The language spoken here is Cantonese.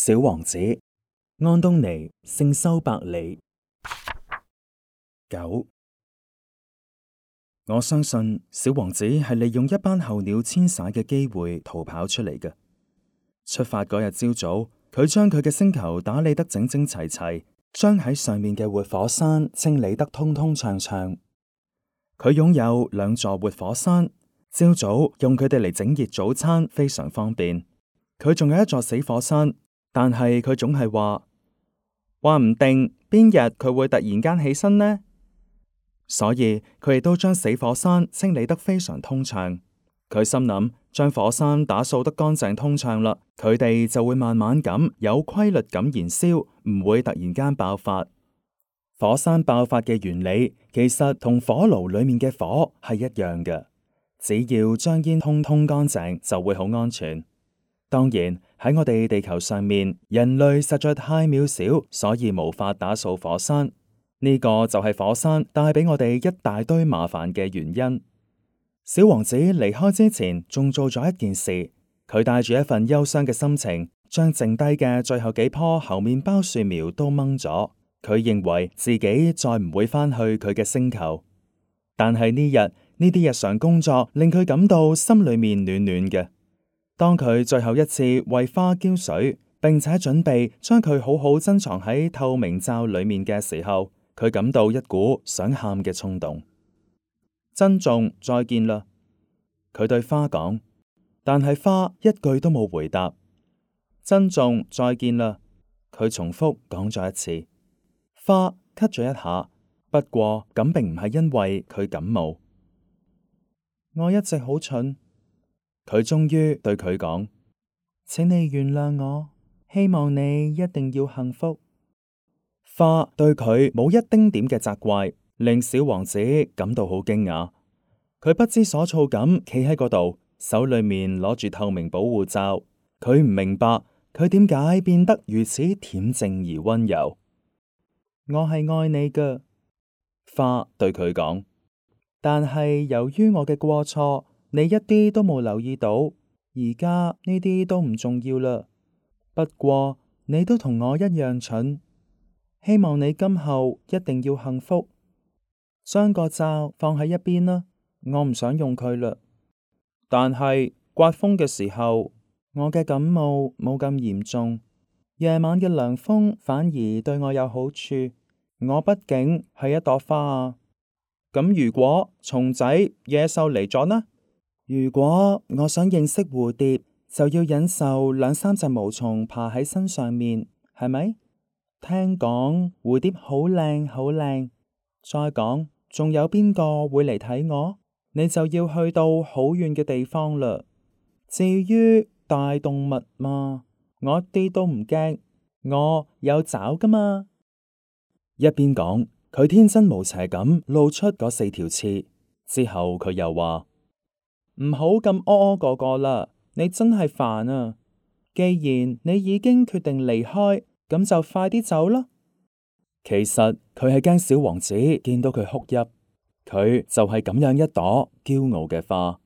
小王子，安東尼，聖修伯里。九，我相信小王子係利用一班候鳥遷徙嘅機會逃跑出嚟嘅。出發嗰日朝早，佢將佢嘅星球打理得整整齊齊，將喺上面嘅活火山清理得通通暢暢。佢擁有兩座活火山，朝早用佢哋嚟整熱早餐非常方便。佢仲有一座死火山。但係佢總係話，話唔定邊日佢會突然間起身呢？所以佢亦都將死火山清理得非常通暢。佢心諗，將火山打掃得乾淨通暢啦，佢哋就會慢慢咁有規律咁燃燒，唔會突然間爆發。火山爆發嘅原理其實同火爐裏面嘅火係一樣嘅，只要將煙通通乾淨，就會好安全。當然喺我哋地球上面，人類實在太渺小，所以無法打掃火山。呢個就係火山帶俾我哋一大堆麻煩嘅原因。小王子離開之前仲做咗一件事，佢帶住一份憂傷嘅心情，將剩低嘅最後幾棵猴麵包樹苗都掹咗。佢認為自己再唔會返去佢嘅星球，但係呢日呢啲日常工作令佢感到心裏面暖暖嘅。當佢最後一次為花澆水，並且準備將佢好好珍藏喺透明罩裏面嘅時候，佢感到一股想喊嘅衝動。珍重，再見啦！佢對花講，但係花一句都冇回答。珍重，再見啦！佢重複講咗一次。花咳咗一下，不過咁並唔係因為佢感冒。我一直好蠢。佢終於對佢講，請你原諒我，希望你一定要幸福。花對佢冇一丁點嘅責怪，令小王子感到好驚訝。佢不知所措咁企喺嗰度，手裏面攞住透明保護罩。佢唔明白佢點解變得如此恬靜而温柔。我係愛你噶，花對佢講，但係由於我嘅過錯。你一啲都冇留意到，而家呢啲都唔重要啦。不過你都同我一樣蠢，希望你今後一定要幸福。將個罩放喺一邊啦，我唔想用佢嘞。但係颳風嘅時候，我嘅感冒冇咁嚴重，夜晚嘅涼風反而對我有好處。我畢竟係一朵花啊。咁如果蟲仔、野獸嚟咗呢？如果我想認識蝴蝶，就要忍受兩三隻毛蟲爬喺身上面，係咪？聽講蝴蝶好靚，好靚。再講，仲有邊個會嚟睇我？你就要去到好遠嘅地方啦。至於大動物嘛，我一啲都唔驚，我有爪㗎嘛。一邊講，佢天真無邪咁露出嗰四條刺，之後佢又話。唔好咁屙屙個個啦，你真係煩啊！既然你已經決定離開，咁就快啲走啦。其實佢係驚小王子見到佢哭泣，佢就係咁樣一朵驕傲嘅花。